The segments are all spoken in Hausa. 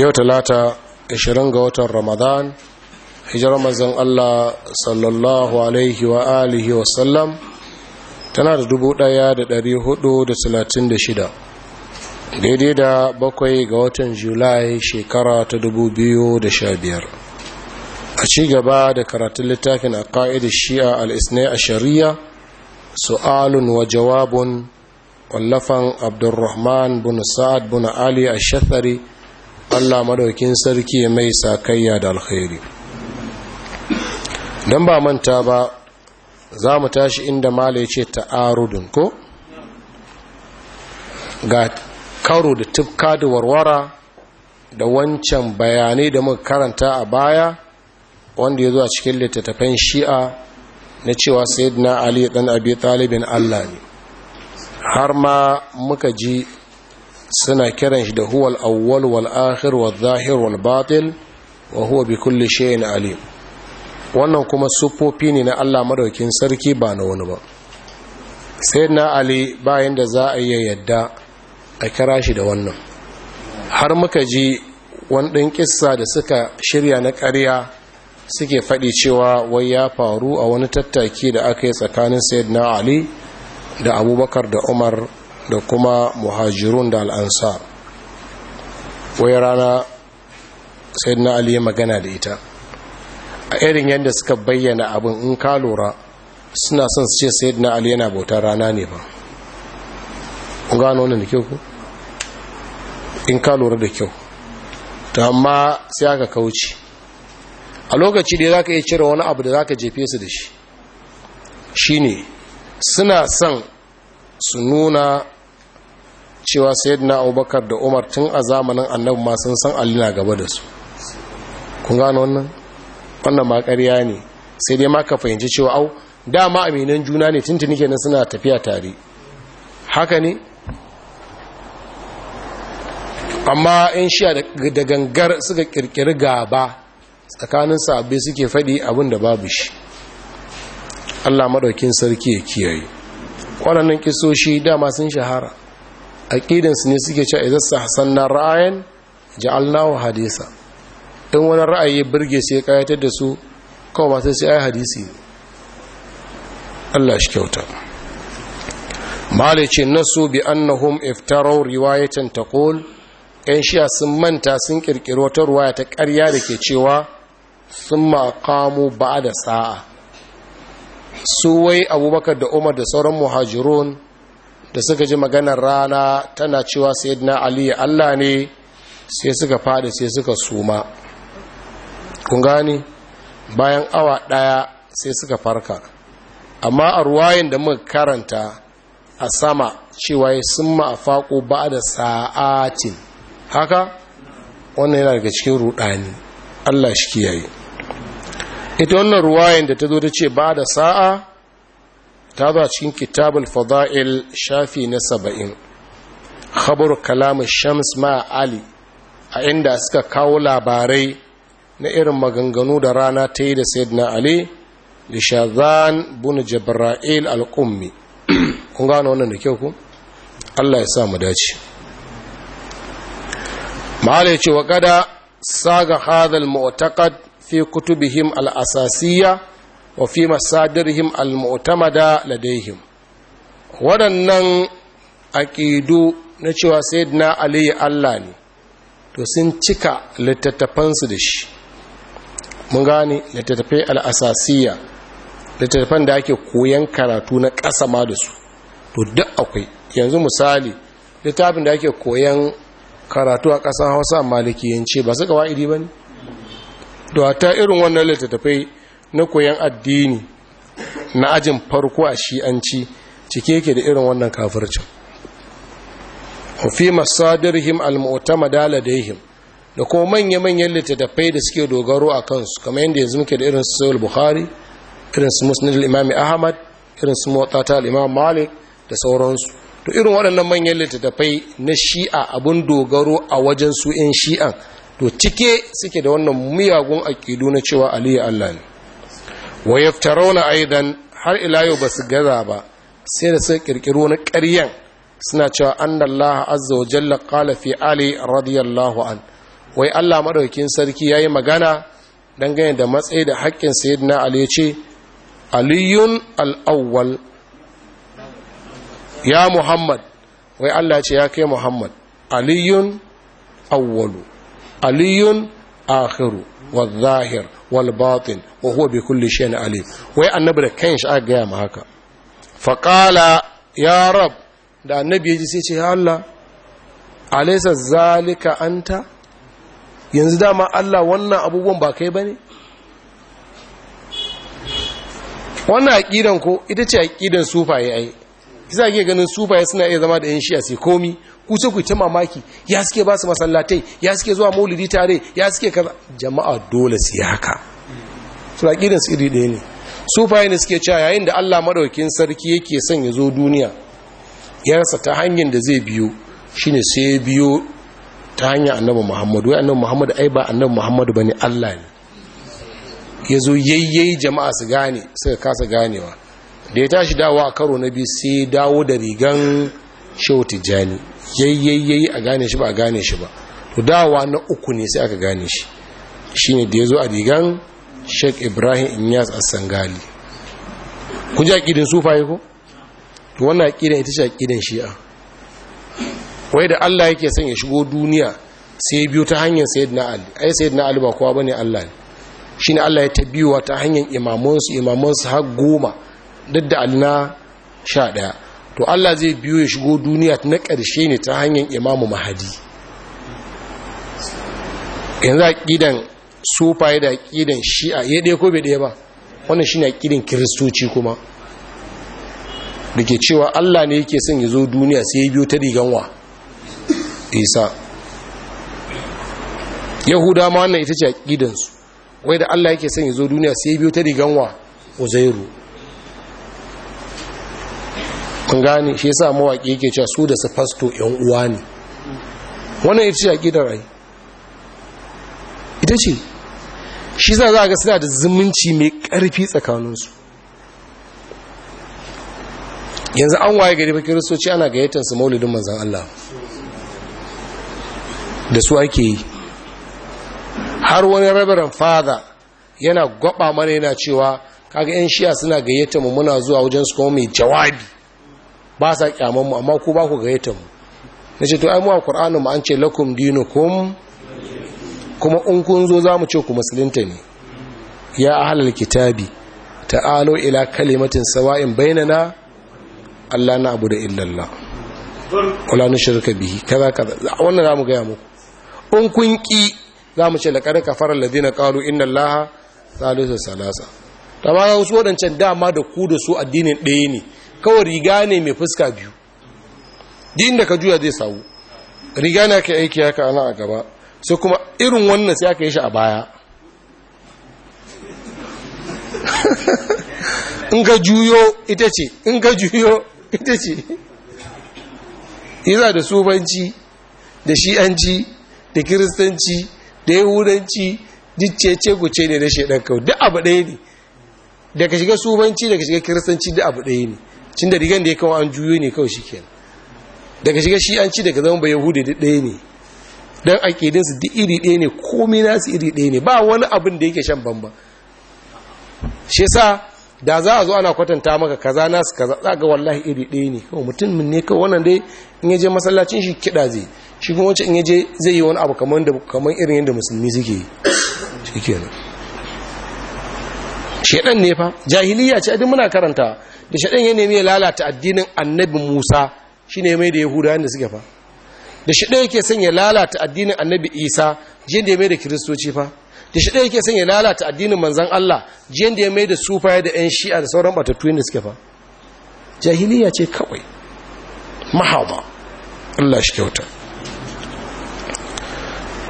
yau talata 20 ga watan ramadan hijirar mazan allah sallallahu alaihi wa alihi wasallam tana da da shida, daidai da bakwai ga watan julai shekara ta da sha a ci gaba da karatun littafin a ka'idar shi'a al'isnai a shari'a su'alun wa jawabun wallafan abdurrahman bin sa'ad bin ali ash-shathari Allah madaukin sarki mai sakayya da alkhairi dan ba manta ba za mu tashi inda mala yace ta'arudun ko ga karu da tufka da warwara da wancan bayanai da muka karanta a baya wanda ya zo a cikin littattafan shi'a na cewa sayyidina ali dan abi talibin Allah ne har ma muka ji suna kiran shi da huwal awwal wal akhir wal zahir wal batil wa huwa bi kulli shay'in alim wannan kuma sufofi ne na Allah madaukin sarki ba na wani ba na ali bayan da za a iya yadda a kira shi da wannan har muka ji wani dan kissa da suka shirya na ƙarya suke faɗi cewa wai ya faru a wani tattaki da aka yi tsakanin sayyidina ali da abubakar da umar da kuma muhajirun da al'ansa. wai rana sai na aliyu magana da ita a irin yadda suka bayyana abin in ka lura suna son su ce na ali yana bautar rana ne ba ku gano wannan da kyau in ka lura da kyau ta amma sai aka kauce a lokaci da za ka iya cire wani abu da za ka jefe su da shi shi ne suna son su nuna cewa na abubakar da umar tun a zamanin annabu ma sun san alina gaba da su kun gano wannan wannan ma ne sai dai maka fahimci cewa au dama aminan juna ne tun tuntuni kenan suna tafiya tare haka ne amma 'yan shiya da gangar suka kirkiri gaba tsakanin sabbi suke faɗi abin da babu shi Allah madaukin sarki ya kiyaye waɗannan kisoshi dama sun shahara aqidansu ne suke cewa sa sanna ra'ayin ja'alnahu hadisa in wani ra'ayi burge sai kayatar da su kawai ba sai sai ai hadisi Allah shi kyauta malai nasu bi annahum iftarau riwayatan taqul yan shiya sun manta sun ƙirƙiri wata ruwaya ta ƙarya da ke cewa sun maƙamu bada sa'a su wai abubakar da umar da sauran muhajirun da suka ji maganar rana tana cewa sayyidina ali allah ne sai suka fada sai suka suma kun gani bayan awa daya sai suka farka amma a ruwayen da muka karanta a sama cewa sun ma'afaƙo ba da sa'atin haka wannan yana daga cikin rudani allah shi kiyaye ita wannan ruwayen da ta zo ta ce ba da sa'a ta zo a cikin kitabul fada'il shafi na saba'in khabar kalamun shams ma ali a inda suka kawo labarai na irin maganganu da rana ta yi da na ali da shazan bin jibra'il al-ummi kun gano wannan da kyau ku Allah ya sa mu dace ma'ala ya ce wa kada saga hadal mu'taqad fi kutubihim al'asasiyya wa fi masadirhim al ladaihim waɗannan aƙidu na cewa sayyidina aliyu allah ne to sun cika littattafansu da shi mun gane littattafai al'asasiya littattafan da ake koyan karatu na ƙasa ma da su to duk akwai yanzu misali littafin da ake koyan karatu a ƙasar hausa malikiyance ba su kawai ba ne da ta irin wannan littattafai na koyan addini na ajin farko a shi'anci cike yake da irin wannan kafircin fi him al-mu'tamada dala da da kuma manya-manyan littattafai da suke dogaro a kansu kamar yadda yanzu muke da irin su al bukhari irin su musnad al-imam ahmad irin su muwatta al-imam malik da sauransu to irin waɗannan manyan littattafai na shi'a abun dogaro a wajen su 'yan shi'an to cike suke da wannan miyagun aƙidu na cewa aliyu allah ne wa na aidan har ila ba su gaza ba sai da suka ƙirƙiro na ƙaryen suna cewa annallaha azza wa jalla qala fi ali radiyallahu an wai Allah maɗaukin sarki ya yi magana dangane da matsayi da haƙƙin sayidina ali ya ce aliyun al ya muhammad wai Allah ce ya kai muhammad aliyun awwalu aliyun Ahiru wal zahir wal Baɗin, wa huwa bi kulli shay'in alim wai annabi da kanshi aka gaya ma haka faqala ya rab da annabi ya ji sai ce ya Allah alaysa zalika anta yanzu dama Allah wannan abubuwan ba kai bane wannan aƙidan ko ita ce aqidan sufaye ai za ke ganin sufaye suna iya zama da yan shiya sai komi ku sai ku ta mamaki ya suke ba su masallatai ya suke zuwa maulidi tare ya suke kaza jama'a dole su yi haka su aqidan su iri ɗaya ne sufaye ne suke cewa yayin da Allah madaukakin sarki yake son ya zo duniya ya rasa ta hanyar da zai biyo shine sai biyo ta hanyar annabi Muhammadu wai annabi Muhammadu ai ba annabi Muhammadu bane Allah ne ya zo yayyayi jama'a su gane suka kasa ganewa da ya tashi dawa a karo na biyu sai dawo da rigan shehu tijjani yayyayyayi a gane shi ba a gane shi ba to dawa na uku ne sai aka gane shi shine da ya zo a rigan sheik ibrahim inyas assangali kun ji su sufaye ko wannan aƙidin ita ce shi shi'a wai da allah yake son ya shigo duniya sai ya biyo ta hanyar na ali ai na ali ba kowa ba ne allah ne shine allah ya ta biyuwa ta hanyar imamansu imamansu har goma duk da alina sha ɗaya to allah zai biyo ya shigo duniya na ƙarshe ne ta hanyar imamu mahadi yanzu a ƙidan ya da ƙidan shi'a ya ɗaya ko bai ɗaya ba wannan shi ne a ƙidan kiristoci kuma da ke cewa allah ne yake son ya zo duniya sai ya biyo ta riganwa isa yahuda ma wannan ita ce a ƙidansu wai da allah yake son ya zo duniya sai ya biyo ta riganwa uzairu an gane shi yasa mawaƙi yake cewa su da su fasto yan uwa ne wannan ita ce aqidar ai ita ce shi sa za ga suna da zumunci mai ƙarfi tsakaninsu yanzu an waye gari ba kiristoci ana gayyatar su maulidin manzan Allah da su ake yi har wani rabaran fada yana gwaba mana yana cewa kaga yan shiya suna gayyata mu muna zuwa wajen su kuma mai jawabi ba sa kyaman mu amma ku ba ku gayyata mu Na ce to ai mu a qur'anin mu an ce lakum dinukum kuma in kun zo mu ce ku musulunta ne ya ahlal kitabi ta'alu ila kalimatin sawa'in bainana Allah na abu da illallah wala na shirka bihi kaza kaza wannan za mu gaya muku in kun ki mu ce laqad kafara alladhina qalu inna allaha thalithu salasa Ta amma su wadancan dama da ku da su addinin ɗaya ne kawai riga ne mai fuska biyu din da ka juya zai sawu riga na ka aiki haka ana a gaba sai kuma irin wannan sai aka yi shi a baya in ka juyo ita ce in ka juyo ita ce yana da subanci da shi'anci da kiristanci da yahudanci diccece guce ne da shaidan kawai duk abu ɗaya ne daga shiga subanci daga shiga kiristanci duk abu ɗaya ne cin da rigan da ya kawo an juyo ne kawai shikenan daga shiga shi an ci daga zama ba yahudi da ɗaya ne don aƙidinsu duk iri ɗaya ne komai nasu iri ɗaya ne ba wani abin da yake shan bamba shi sa da za a zo ana kwatanta maka kaza nasu kaza za ga wallahi iri daya ne kawai mutum ne kawai wannan dai in yaje masallacin shi kiɗa zai shi kuma wancan in yaje zai yi wani abu kamar irin yadda musulmi suke yi shedan ne fa jahiliya ce adin muna karanta da shedan ya nemi ya lalata addinin annabi Musa shi ne mai da yahudawa da suke fa da shedan yake son ya lalata addinin annabi Isa jiyan da ya mai da kiristoci fa da shedan yake son ya lalata addinin manzan Allah jiyan da ya mai da sufaye da yan shi'a da sauran batattu da suke fa jahiliya ce kawai mahaba Allah shi kyauta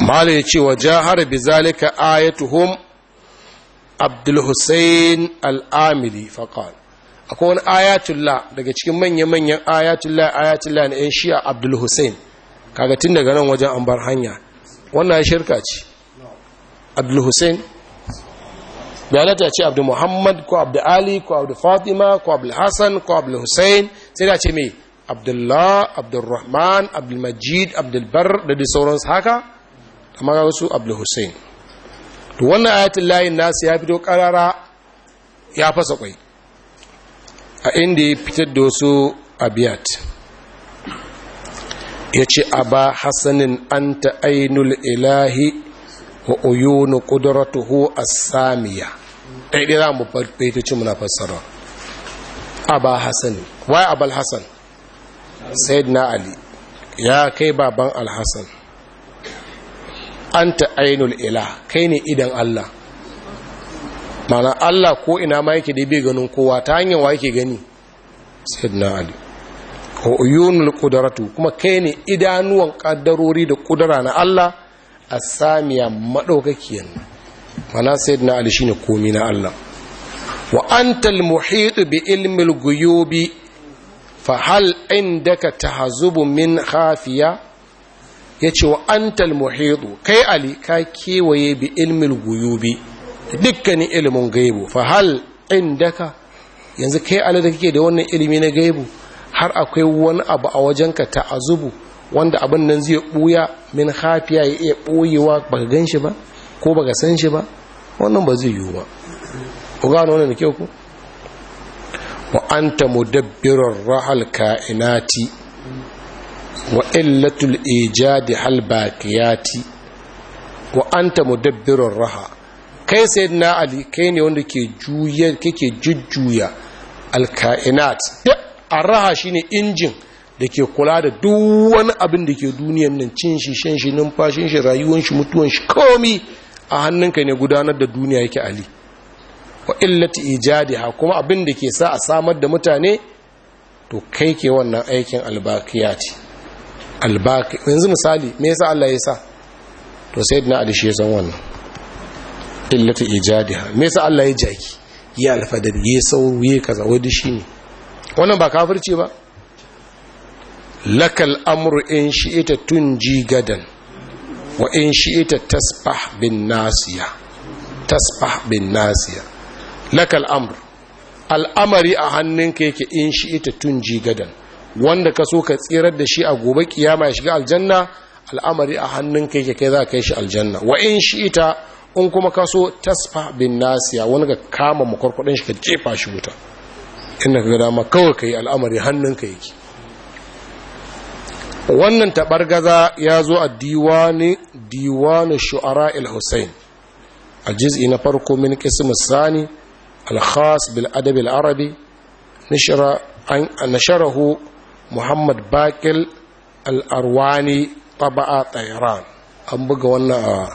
mala ya ce wa jahar bi zalika ayatuhum abdulhussein al'amili faƙal akwai wani ayatullah daga cikin manya-manyan ayatullah ayatullah na 'yan Abdul abdulhussein kaga tun daga nan wajen an bar hanya wannan shirka ce abdulhussein bayanata ce abdu muhammad ko Abdul ali ko Abdul fatima ko Abdul hassan ko Abdul hussein sai da ce mai abdullah abdulrahman abdulmajid abdulbar da dai sauransu haka amma ga wasu Abdul hussein to wannan ayatul layin nasu ya fito karara ya fasa kwai a inda ya fitar da wasu abiyat ya ce a ba hasanin anta ainul ilahi wa uyunu qudratuhu a samiya dai dai zamu fayyace muna fassara aba Wa wai abal hasan na ali ya kai baban al anta ainul ilah kai ne idan Allah mana Allah ko ina ma yake dai bai ganin kowa ta hanyar wa yake gani sayyidina ali ko uyunul qudratu kuma kai ne idanuwan kaddarori da kudura na Allah asamiya madaukakiyan mana sayyidina ali shine komi na Allah wa antal muhit bi ilmil guyubi fa hal indaka tahzubu min khafiya ya ce wa an muhidu kai ali ka kewaye bi ilmin guyubi dukkanin ilimin gaibu fa hal indaka yanzu kai ali da kake da wannan ilimi na gaibu har akwai wani abu a wajenka ta azubu wanda abin nan zai buya min hafiya ya iya boyewa baka gan shi ba ko baka san shi ba wannan ba zai yiwu ba ku gano wannan da kyau ku wa anta mudabbirar rahal kainati wa illatul ijadi hal baqiyati wa anta raha kai na ali kai ne wanda ke juya kake jujjuya alkainat duk araha shine injin da ke kula da duk wani abin da ke duniyan nan cin shi shan shi numfashin shi rayuwan shi mutuwan shi komi a hannunka ne gudanar da duniya yake ali wa illati ijadiha kuma abin da ke sa a samar da mutane to kai ke wannan aikin albakiyati albaki yanzu misali me yasa Allah ya sa to sayyidina ali shi ya san wannan illati ijadiha me yasa Allah ya jaki ya alfadar ya sauru ya kaza wadi shine wannan ba kafirci ba lakal amru in shi'ita tunji gadan wa in shi'ita tasbah bin nasiya tasbah bin nasiya lakal amru. al'amari a hannunka yake in shi'ita tunji gadan wanda ka so ka tsirar da shi a gobe kiyama ya shiga aljanna al'amari a hannun kai kai za ka yi shi aljanna wa in shi ita in kuma ka so tasfa bin nasiya wani ga kama makwarkwadon shi ka jefa shi wuta inda ka dama kawai ka yi al'amari hannun ka yake wannan taɓargaza ya zo a diwani diwani shu'ara il-hussein a jiz'i na farko min kisim sani al-khas bil adabi al-arabi nasharahu muhammad bakil al'arwani taba'a Iran. an buga wannan a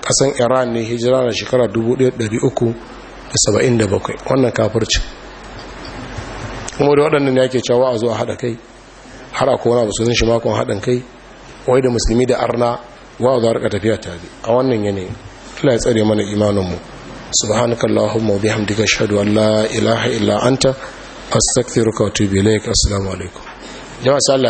ƙasan iran ne hijira na shekara 1377 wannan kafircin kuma da waɗannan ya ke cewa a zuwa haɗa kai har a kowane ba su zan shi makon haɗin kai wai da musulmi da arna wa za rika tafiya tare a wannan yanayi Allah ya tsare mana imaninmu subhanaka allahumma wa bihamdika ashhadu an la ilaha illa anta astaghfiruka wa atubu ilaik assalamu alaikum jama'a sallah